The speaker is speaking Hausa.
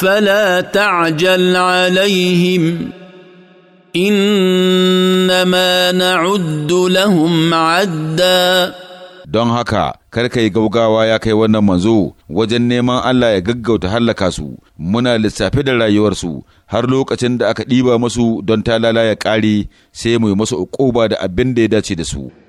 فلا تعجل عليهم انما نعد لهم عدا don haka kar ka yi gaugawa ya kai wannan manzo wajen neman Allah ya gaggauta hallaka su muna lissafi da rayuwarsu har lokacin da aka ɗiba masu don talala ya ƙare sai mu yi masu uquba da abin da ya dace da su